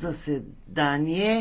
заседание.